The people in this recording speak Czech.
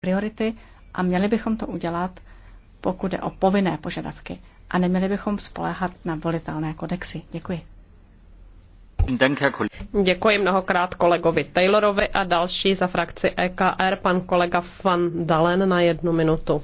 priority a měli bychom to udělat, pokud je o povinné požadavky a neměli bychom spoléhat na volitelné kodexy. Děkuji. Děkuji mnohokrát kolegovi Taylorovi a další za frakci EKR, pan kolega Van Dalen na jednu minutu.